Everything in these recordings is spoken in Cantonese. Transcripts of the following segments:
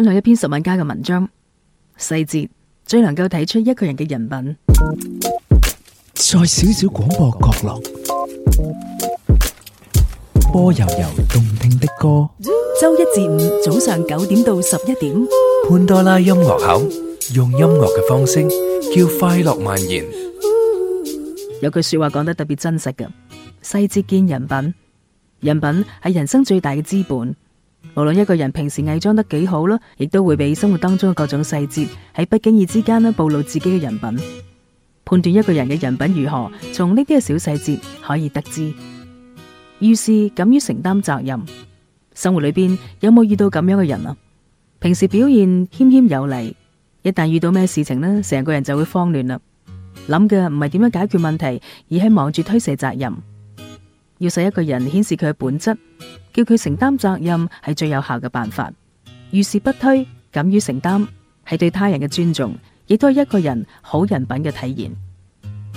分享一篇十萬加嘅文章，細節最能夠睇出一個人嘅人品。在小小廣播角落，播柔柔動聽的歌。周一至五早上九點到十一點，潘多拉音樂口用音樂嘅方式，叫快樂蔓延。有句話說話講得特別真實嘅，細節見人品，人品係人生最大嘅資本。無論一個人平時偽裝得幾好啦，亦都會俾生活當中嘅各種細節喺不經意之間呢暴露自己嘅人品。判斷一個人嘅人品如何，從呢啲嘅小細節可以得知。於是敢於承擔責任，生活裏邊有冇遇到咁樣嘅人啊？平時表現謙謙有禮，一旦遇到咩事情呢，成個人就會慌亂啦，諗嘅唔係點樣解決問題，而係忙住推卸責任。要使一個人顯示佢嘅本質。叫佢承擔責任係最有效嘅辦法。遇事不推，敢於承擔，係對他人嘅尊重，亦都係一個人好人品嘅體現。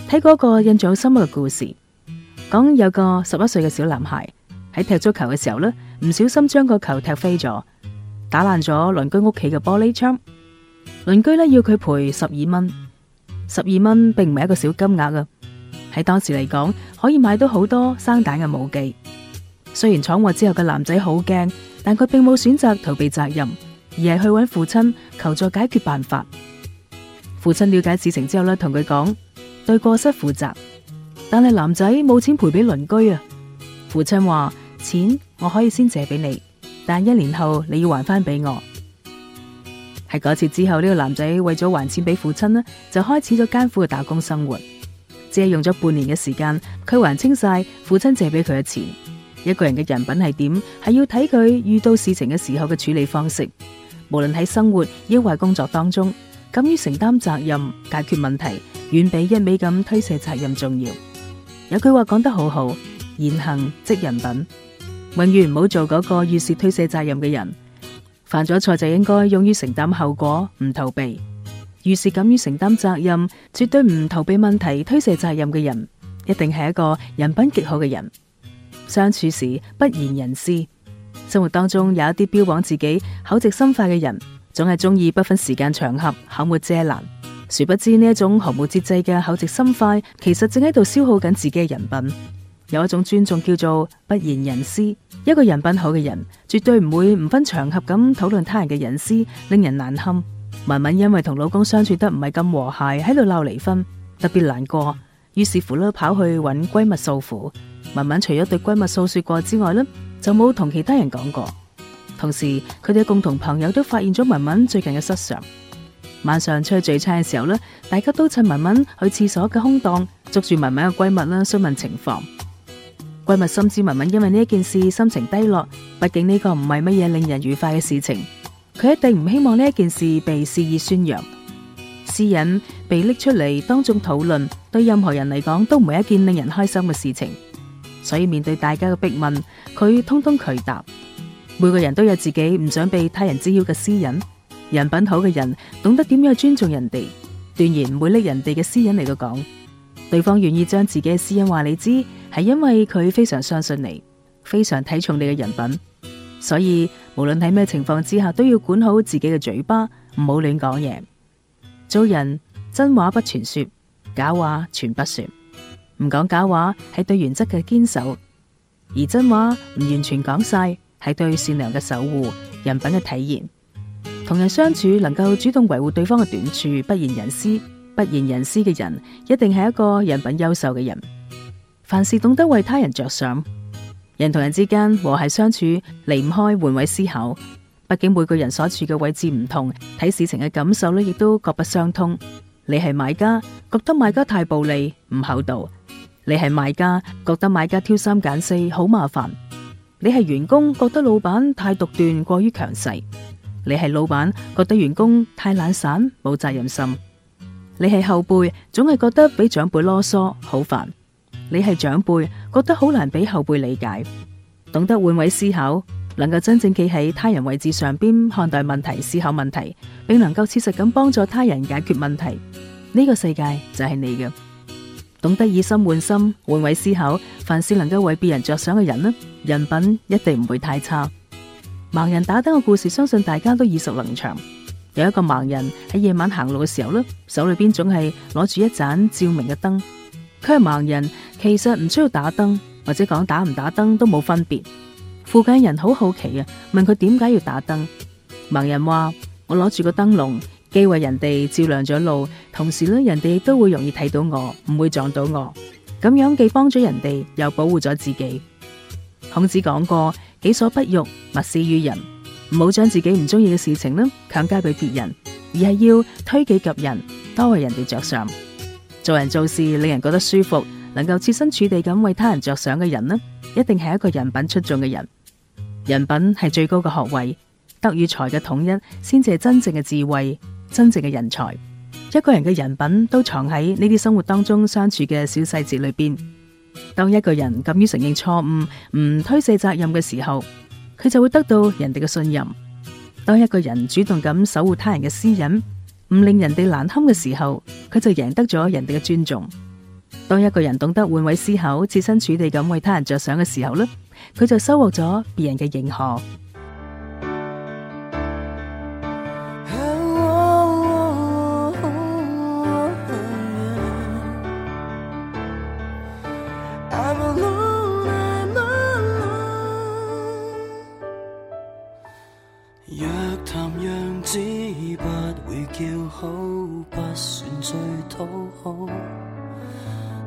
睇嗰個印象深嘅故事，講有個十一歲嘅小男孩喺踢足球嘅時候呢，唔小心將個球踢飛咗，打爛咗鄰居屋企嘅玻璃窗。鄰居呢要佢賠十二蚊，十二蚊並唔係一個小金額啊，喺當時嚟講可以買到好多生蛋嘅母雞。雖然闖禍之後嘅男仔好驚，但佢並冇選擇逃避責任，而係去揾父親求助解決辦法。父親了解事情之後咧，同佢講對過失負責，但係男仔冇錢賠俾鄰居啊。父親話：錢我可以先借俾你，但一年後你要還翻俾我。喺嗰次之後，呢個男仔為咗還錢俾父親呢就開始咗艱苦嘅打工生活。只係用咗半年嘅時間，佢還清晒父親借俾佢嘅錢。一個人嘅人品係點，係要睇佢遇到事情嘅時候嘅處理方式。無論喺生活抑或工作當中，敢於承擔責任、解決問題，遠比一味咁推卸責任重要。有句話講得好好，言行即人品。永遠唔好做嗰個遇事推卸責任嘅人。犯咗錯就應該勇於承擔後果，唔逃避。遇事敢於承擔責任，絕對唔逃避問題、推卸責任嘅人，一定係一個人品極好嘅人。相處時不言人私，生活當中有一啲標榜自己口直心快嘅人，總係中意不分時間場合口沒遮攔。殊不知呢一種毫無節制嘅口直心快，其實正喺度消耗緊自己嘅人品。有一種尊重叫做不言人私，一個人品好嘅人絕對唔會唔分場合咁討論他人嘅隱私，令人難堪。文文因為同老公相處得唔係咁和諧，喺度鬧離婚，特別難過。於是乎啦，跑去揾閨蜜訴苦。文文除咗對閨蜜訴說過之外啦，就冇同其他人講過。同時，佢哋嘅共同朋友都發現咗文文最近嘅失常。晚上出去聚餐嘅時候咧，大家都趁文文去廁所嘅空檔捉住文文嘅閨蜜啦，詢問情況。閨蜜深知文文因爲呢件事心情低落，畢竟呢個唔係乜嘢令人愉快嘅事情。佢一定唔希望呢件事被肆意宣揚。私隱被拎出嚟當眾討論，對任何人嚟講都唔係一件令人開心嘅事情。所以面對大家嘅逼問，佢通通拒答。每個人都有自己唔想被他人知曉嘅私隱。人品好嘅人懂得點樣尊重人哋，斷然唔會拎人哋嘅私隱嚟到講。對方願意將自己嘅私隱話你知，係因為佢非常相信你，非常睇重你嘅人品。所以無論喺咩情況之下，都要管好自己嘅嘴巴，唔好亂講嘢。做人真話不全說，假話全不說。唔講假話係對原則嘅堅守，而真話唔完全講晒係對善良嘅守護，人品嘅體現。同人相處能夠主動維護對方嘅短處，不言人私，不言人私嘅人一定係一個人品優秀嘅人。凡事懂得為他人着想，人同人之間和諧相處離唔開換位思考。畢竟每個人所處嘅位置唔同，睇事情嘅感受咧，亦都各不相通。你係買家，覺得賣家太暴利唔厚道；你係賣家，覺得買家挑三揀四好麻煩；你係員工，覺得老闆太獨斷過於強勢；你係老闆，覺得員工太懶散冇責任心；你係後輩，總係覺得俾長輩囉嗦好煩；你係長輩，覺得好難俾後輩理解。懂得換位思考。能夠真正企喺他人位置上邊看待問題、思考問題，並能夠切實咁幫助他人解決問題，呢個世界就係你嘅。懂得以心換心、換位思考，凡事能夠為別人着想嘅人呢，人品一定唔會太差。盲人打燈嘅故事，相信大家都耳熟能詳。有一個盲人喺夜晚行路嘅時候呢，手裏邊總係攞住一盞照明嘅燈。佢係盲人，其實唔需要打燈，或者講打唔打燈都冇分別。附近人好好奇啊，問佢點解要打燈。盲人話：我攞住個燈籠，既為人哋照亮咗路，同時咧，人哋都會容易睇到我，唔會撞到我。咁樣既幫咗人哋，又保護咗自己。孔子講過：己所不欲，勿施於人。唔好將自己唔中意嘅事情咧，強加俾別人，而係要推己及人，多為人哋着想。做人做事令人覺得舒服，能夠設身處地咁為他人着想嘅人呢，一定係一個人品出眾嘅人。人品係最高嘅學位，德與才嘅統一先至係真正嘅智慧，真正嘅人才。一個人嘅人品都藏喺呢啲生活當中相處嘅小細節裏邊。當一個人敢於承認錯誤，唔推卸責任嘅時候，佢就會得到人哋嘅信任；當一個人主動咁守護他人嘅私隱，唔令人哋難堪嘅時候，佢就贏得咗人哋嘅尊重。當一個人懂得換位思考、設身處地咁為他人着想嘅時候呢，佢就收穫咗別人嘅認可。若談讓之不會叫好，不算最討好。